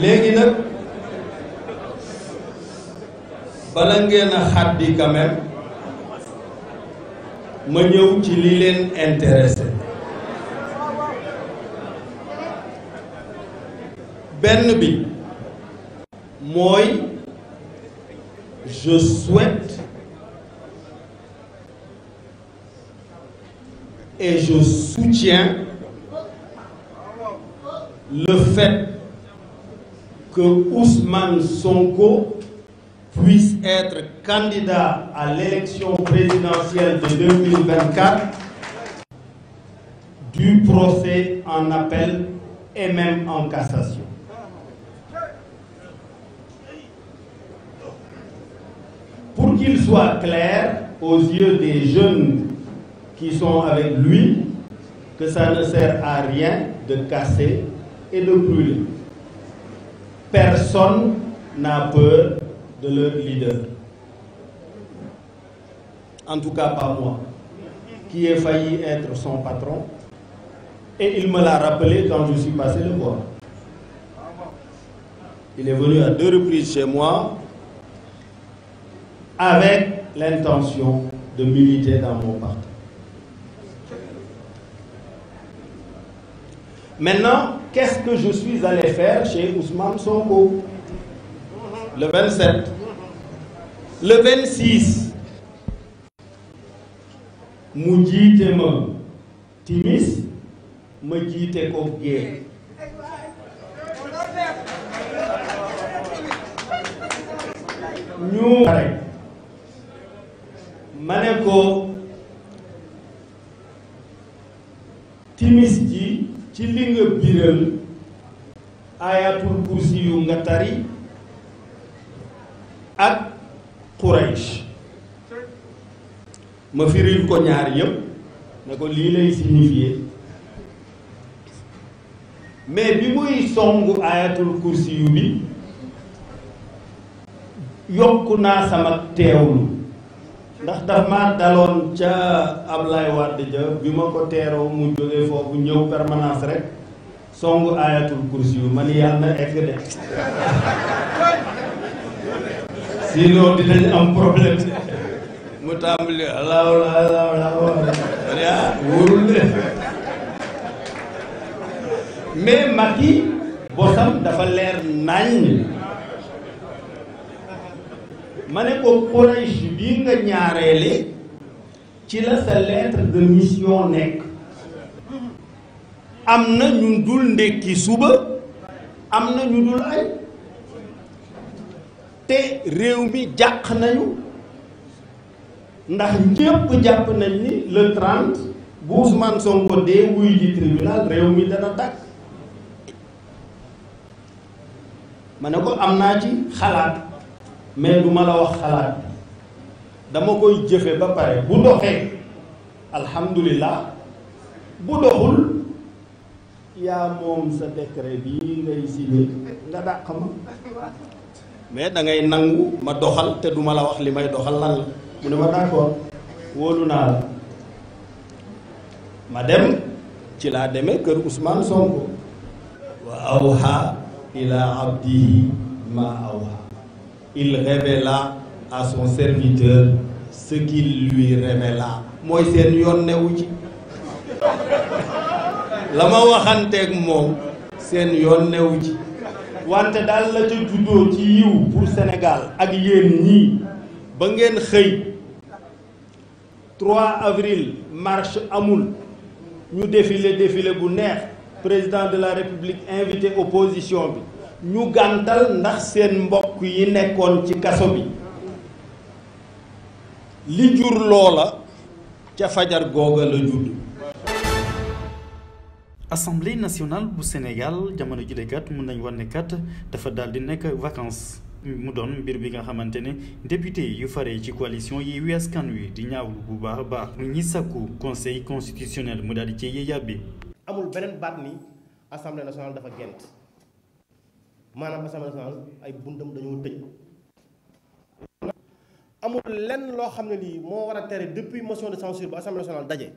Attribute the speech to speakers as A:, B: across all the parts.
A: léegi nag bala ngeen a xàddi quand ma ñëw ci li leen intéressé benn bi mooy je souhaite et le fait que Ousmane Sonko puisse être candidat à l'élection présidentielle du procès en appel et même en cassation. Pour qu'il soit clair aux yeux des jeunes qui sont avec lui, que ça ne sert à rien de casser et de brûler. personne n'a peur de leur leader. En tout cas pas moi, qui ai failli être son patron. Et il me l'a rappelé quand je suis passé le voir. Il est venu à deux reprises chez moi avec l'intention de militer dans mon parti. quest que je suis allé faire chez Ousmane Sonko le 27 le 26 mu jiite timis ma jiite ko gée ñu rek timis ji ci li nga biral ayatul kursi nga tari ak Quraysh ma firil ko ñaar yépp ne ko lii lay signifier mais bi muy songu ayatul kursi bi yokku naa sama teewlu ndax daf ma daloon ca Ablaye Wade ja bi ma ko teeroo mu jógee foofu ñëw permanence rek songu ayatul kursi yu ma ni yàlla na egg de sinon dinañ am problème mu tàmbali alaaw alaaw alaaw ma ne ah wóorul de mais Macky bosam dafa leer nañ ma ne ko Quraysh bii nga ñaareele ci la sa lettre de mission nekk am na ñu dul ndékki suba am na ñu dul ay te réew mi jàq nañu ndax ñépp jàpp nañ ni le 30 bu Ousmane Sonko dee wuy ji tribunal réew mi dana takk ma ne ko am naa ci xalaat mais du ma la wax xalaat bi dama koy jëfe ba pare bu doxee alhamdulilah bu doxul yaa moom sa décret bii ngay signé nga dàq ma mais da nangu ma doxal te du la wax li may doxal lan la mu ne ma d'accord wóolu naa la ma dem ci laa demee kër Ousmane Sonko wa awha ila abdihi ma awha il révéla à son serviteur ce qu'il lui révéla mooy seen yoon newu ci lama ma waxanteeg moom seen yoon newu ci wante daal la ca juddoo ci yiw pour Sénégal ak yéen ñii ba ngeen xëy 3 avril marche amul ñu défilé défilé bu neex président de la république invité opposition bi ñu gàntal ndax seen mbokk yi nekkoon ci kaso li jur loola ca fajar googa la judd.
B: Assemblée nationale bu Sénégal jamono jile kat mun nañ war ne kat dafa dal di nekk vacances mu doon mbir bi nga xamante ne député yu fare ci coalition Yewwi Askan Wi di ñaawlu bu baax a baax ñi sakku conseil constitutionnel mu daal di ci yéyàb bi
C: amul beneen baat ni assemblée nationale dafa gént maanaam assemblée nationale ay buntam dañoo tëj amul lenn loo xam ne lii moo war a tere depuis motion de censure ba assemblée nationale daje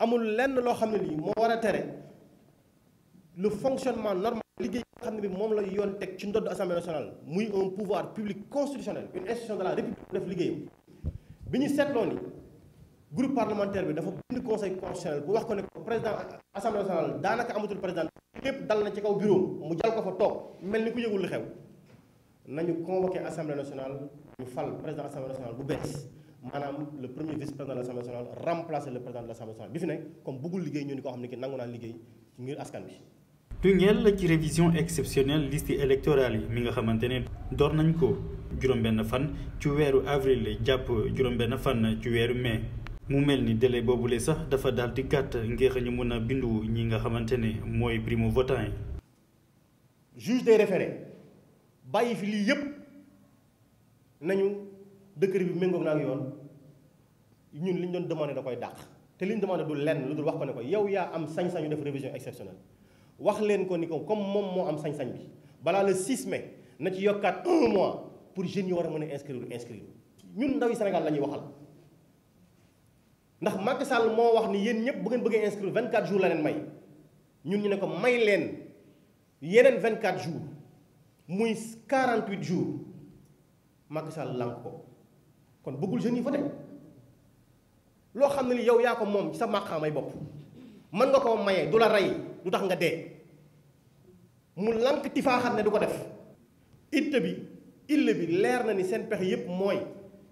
C: amul lenn loo xam ne lii moo war a tere lu fonctionnement normal liggéey xam ne bi moom la yoon teg ci ndodd assemblée nationale muy un pouvoir public constitutionnel une institution de la république def liggéeyam bi ñu seetloo ni groupe parlementaire bi dafa bind conseil constitutionnel bu wax ko ne président assemblée nationale daanaka amatul président lépp dal na ci kaw bureau mu jal ko fa toog mel ni ku yëgul li xew nañu convoqué assemblée nationale ñu fal président assemblée nationale bu bees maanaam le premier vice président de l'assemblée nationale remplacer le président de l'assemblée nationale bi fi nekk comme bëggul liggéey ñu ni ko xam ne ki nangu naa liggéey ngir askan bi
B: du ñeel ci révision exceptionnelle liste électorale yi mi nga xamante ne door nañ ko juróom-benn fan ci weeru avril jàpp juróom fan ci weeru mai mu mel ni boobu boobule sax dafa daal di gàtt ngir ñu mën a bindu ñi nga xamante ne mooy primo votant yi.
C: juge de référés bàyyi fi lii yëpp nañu décret bi méngoog naa ak yoon ñun li ñu doon demandé da koy dàq te li ñu demandé du lenn lu dul wax ko ne ko yow yaa am sañ-sañu def révision exceptionnelle wax leen ko ni ko comme moom moo am sañ-sañ bi balaa la 6 mai na ci yokkaat un mois pour jeunes yi war a mën a inscrire inscrire ñun ndaw yi Sénégal la ñuy waxal. ndax Macky Sall moo wax ni yéen ñëpp bu ngeen bëggee inscrire 24 jours la leen may ñun ñu ne ko may leen yeneen 24 jours muy 48 jours Macky Sall lànk ko kon bëggul jeunes yi de loo xam ne li yow yaa ko moom ci sa ay bopp man nga koo mayee du la rey du tax nga dee mu lànk tifaaxat ne du ko def itte bi ille bi leer na ni seen pexe yépp mooy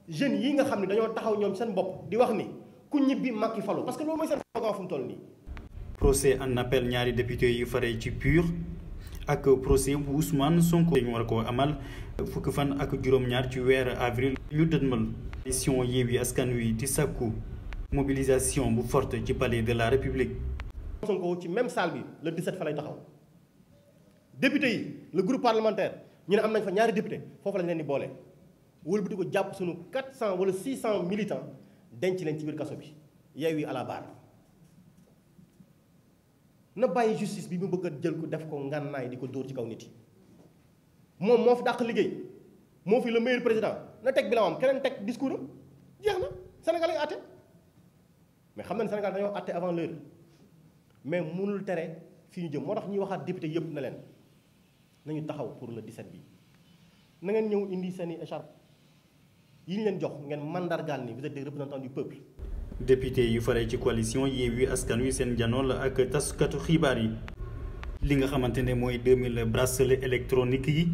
C: jeunes yi nga xam ne dañoo taxaw ñoom seen bopp di wax ni ku ñibbi Macky falu parce que loolu mooy seen slogan fu mu toll nii.
B: procès en appel ñaari député yu fare ci PUR ak procès bu Ousmane Sonko ñu war koo amal fukki fan ak juróom-ñaar ci weer avril ñu dënmal mission Yewwi Askan Wi di sàkku mobilisation bu forte ci palais de la République.
C: Sonko ci même salle bi le 17 fa lay taxaw député yi le groupe parlementaire ñu ne am nañ fa ñaari député foofu lañ leen di boole wëlbati ko jàpp sunu 400 wala 600 militants. denc leen ci biir kaso bi Yewwi à la na bàyyi justice bi mu bëgg a jël ko def ko ngànnaay di ko dóor ci kaw nit yi moom moo fi dàq liggéey moo fi la meilleur président na teg bi la am keneen teg discours am jeex na Sénégal lay àtte mais xam na ne Sénégal dañoo àtte avant l'heure mais mënul tere fii ñu jëm moo tax ñuy waxaat député yëpp na leen nañu taxaw pour le 17 bi na ngeen ñëw indi seeni écharpe yi ñu leen jox ngeen mandargaal ni vous êtes des représentants du peuple.
B: député yu faree ci coalition Yewwi Askan Wi seen la ak tasukatu xibaar yi. li nga xamante ne mooy 2000 bracelet électronique yi.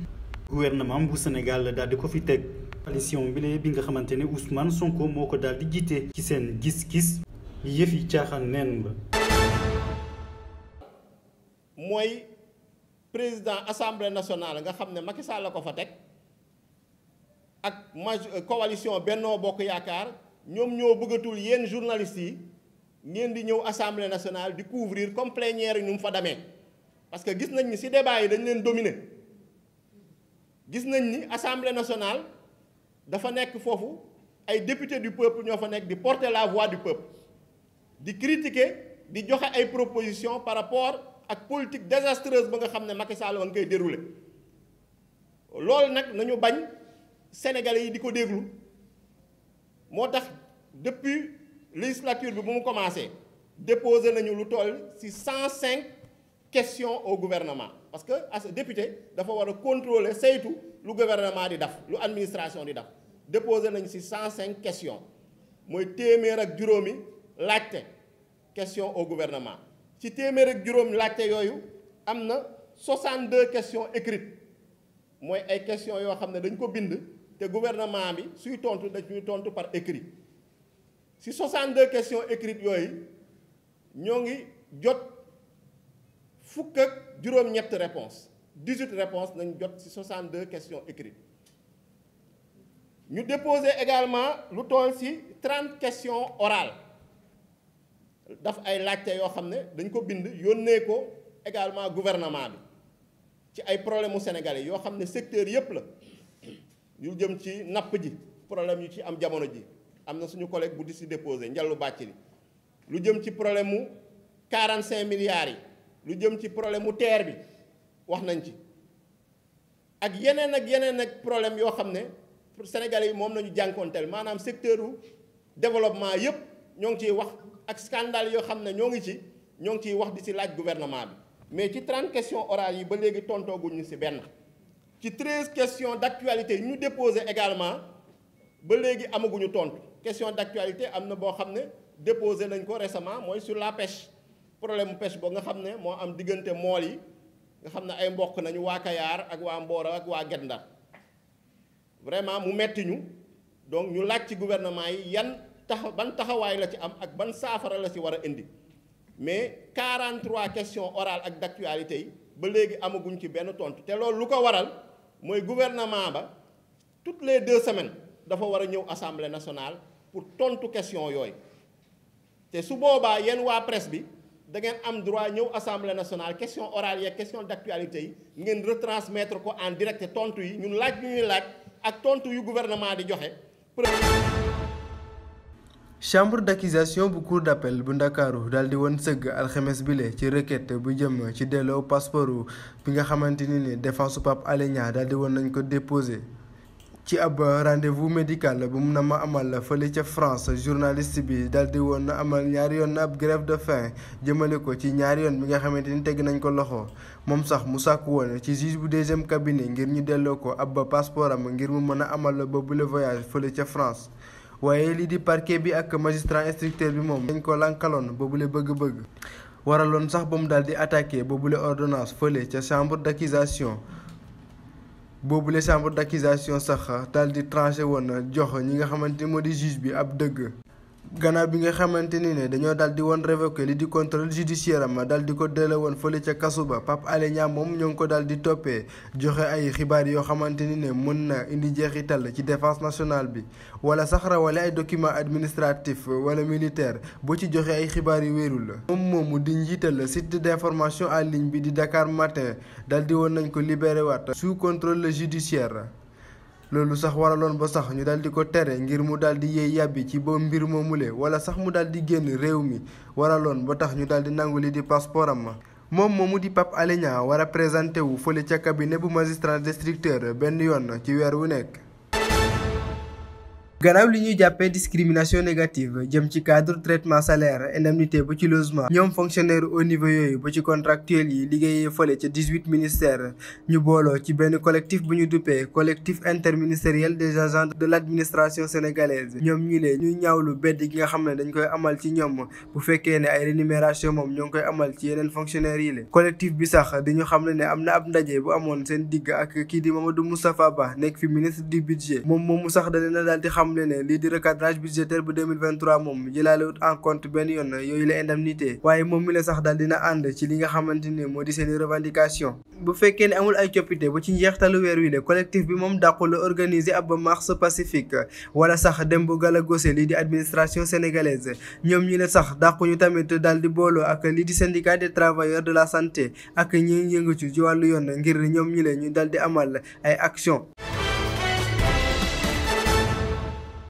B: gouvernement bu Sénégal daal di ko fi teg. coalition bile bi nga xamante ne Ousmane Sonko moo ko daal di jiite. ci seen gis-gis. yëf yi caaxaan neen la.
D: mooy président assemblée nationale nga xam ne Macky Sall la ko fa teg. ak maj euh, coalition Benno Bokk Yaakaar ñoom ñoo bëggatul yéen journalistes yi ngeen di ñëw assemblée nationale di couvrir comme plénière yi nu mu fa demee parce que gis nañ ni ci débat yi dañ leen dominer gis nañ ni assemblée nationale dafa nekk foofu ay députés du peuple ñoo fa nekk di porter la voix du peuple di critiquer di joxe ay propositions par rapport ak politique désastreuse ba nga xam ne Macky Sall woon koy dérouler loolu nag nañu bañ. sénégalais yi di ko déglu moo tax depuis législature bi bu mu commencé déposé nañu lu toll ci cent cinq question au gouvernement parce que as député dafa war a contrôler saytu lu gouvernement di daf lu administration di def déposé nañ ci cent cinq question mooy téeméer ak juróomi laajte question au gouvernement ci téeméer ak juróom laajte yooyu am na deux questions écrites mooy ay questions yoo xam ne dañ ko bind te gouvernement bi suy tontu dañuy tontu par écrit si de question écrites yooyu ñoo ngi jot fukk ak juróom-ñett réponses 18 réponses nañ jot si 62 question écrites ñu déposé également lu tool si trente questions orales daf ay laajte yoo xam ne dañ ko bind yónnee ko également gouvernement bi ci ay problème mu sénégalais yoo xam ne secteur yépp la. yu jëm ci napp ji problème yu ci am jamono ji am na suñu collègue bu di si déposé njallu bàcc li lu jëm ci problème mu quarante 45 milliards yi lu jëm ci problème mu terre bi wax nañ ci ak yeneen ak yeneen ak problème yoo xam ne pour sénégalais yi moom la ñu jànkoonteel maanaam secteur u développement yépp ñoo ngi ciy wax ak scandale yoo xam ne ñoo ngi ci ñoo ngi ciy wax di si laaj gouvernement bi mais ci 30 question orales yi ba léegi tontooguñu si benn ci treize questions d'actualité ñu déposé également ba léegi amaguñu tontu question d'actualité am na boo xam ne déposé nañ ko récemment mooy sur la pêche problème mu pêche boo nga xam ne moo am diggante mool yi nga xam ne ay mbokk nañu waa Kayaar ak waa Mboro ak waa Guet Ndar vraiment mu metti ñu donc ñu laaj ci gouvernement yi yan tax ban taxawaay la ci am ak ban saafara la ci war a indi mais 43 questions orales ak d'actualité yi ba léegi amaguñ ci benn tontu te loolu lu ko waral. mooy gouvernement ba toutes les deux semaines dafa war a ñëw assemblée nationale pour tontu question yooyu te su boobaa yéen waa presse bi da ngeen am droit ñëw assemblée nationale question orale yeeg question d'actualité yi ngeen retransmettre ko en direct tontu yi ñun laaj ñu ñuy laaj ak tontu yu gouvernement di joxe.
E: chambre d'accusation bu cour d'appel bu ndakaaru daal di woon sëgg alxemes bile ci requête bu jëm ci delloo passeport bi nga xamante ni ni défense pap Alé Niang daal di woon nañ ko déposé ci ab rendez-vous médical bu mu na ma amal fële ca France journaliste bi daal di woon amal ñaari yoon ab grève de faim jëmale ko ci ñaari yoon bi nga xamante ni teg nañ ko loxo moom sax mu sàkku woon ci juge bu deuxième cabinet ngir ñu delloo ko ab passeport am ngir mu mën a amal boobule voyage fële ca France waaye lii di parquet bi ak magistrat instructeur bi moom dañ ko lankaloon boobu boobule bëgg-bëgg waraloon sax ba mu daal di attaqué boobule ordonnance fële ca chambre d'accusation boobule chambre d'accusation sax daal di tranché woon jox ñi nga xamante moo di juge bi ab dëgg gannaaw bi nga xamante ni ne dañoo daal di woon révoqué li di contrôle judiciaire am daal di ko delloo woon fële ca kasu ba Pape Alé Niang moom ñoo ngi ko daal di toppee joxe ay xibaar yoo xamante ni ne mën na indi jeexital ci défense nationale bi wala saxara rawale ay document administratif wala militaire bu ci joxe ay xibaar yu wéerul la moom moomu di njiital site d'information en ligne bi di Dakar Matin daal di woon nañ ko libéré waat sous contrôle judiciaire loolu sax waraloon ba sax ñu daal di ko tere ngir mu daal di yéey yàbbi ci ba mbir moomule wala sax mu daal di génn réew mi waraloon ba tax ñu daal di nangu li di passeport am moom mu di Pape Alé Niang war a présenté wu fële ca cabinet bu magistrat districteur benn yoon ci weer wu nekk gannaaw li ñuy jàppee discrimination négative jëm ci cadre traitement salaire indemnité ba ci logement ñoom fonctionnaire au niveau yooyu ba ci contractuel yi liggéeyee fële ca dix-huit ministères ñu booloo ci benn collectif bu ñu duppee collectif interministériel des agents de l' administration sénégalaise ñoom ñu ne ñu ñaawlu bedd gi nga xam ne dañ koy amal ci ñoom bu fekkee ne ay rémunération moom ñoo ngi koy amal ci yeneen fonctionnaires yi la collectif bi sax dañu xam ne ne am na ab ndaje seen digg ak kii di Mamadou Moustapha Ba nekk fi ministre du budget moom moomu sax xamle ne lii di recadrage budgétaire bu 2023 moom jëlaalewut en compte benn yoon yooyu la indemnité waaye moom mi la sax daal dina ànd ci li nga xamante ne moo di seeni revendication bu fekkee ne amul ay coppite bu ci njeextalu weer wi le collectif bi moom dàqul organiser ab marche pacifique wala sax dem bu galagose li di administration sénégalaise ñoom ñu la sax dàquñu tamit daal di booloo ak lii di syndicat des travailleurs de la santé ak ñi yëngatu ci wàllu yoon ngir ñoom ñi la ñu daal di amal ay action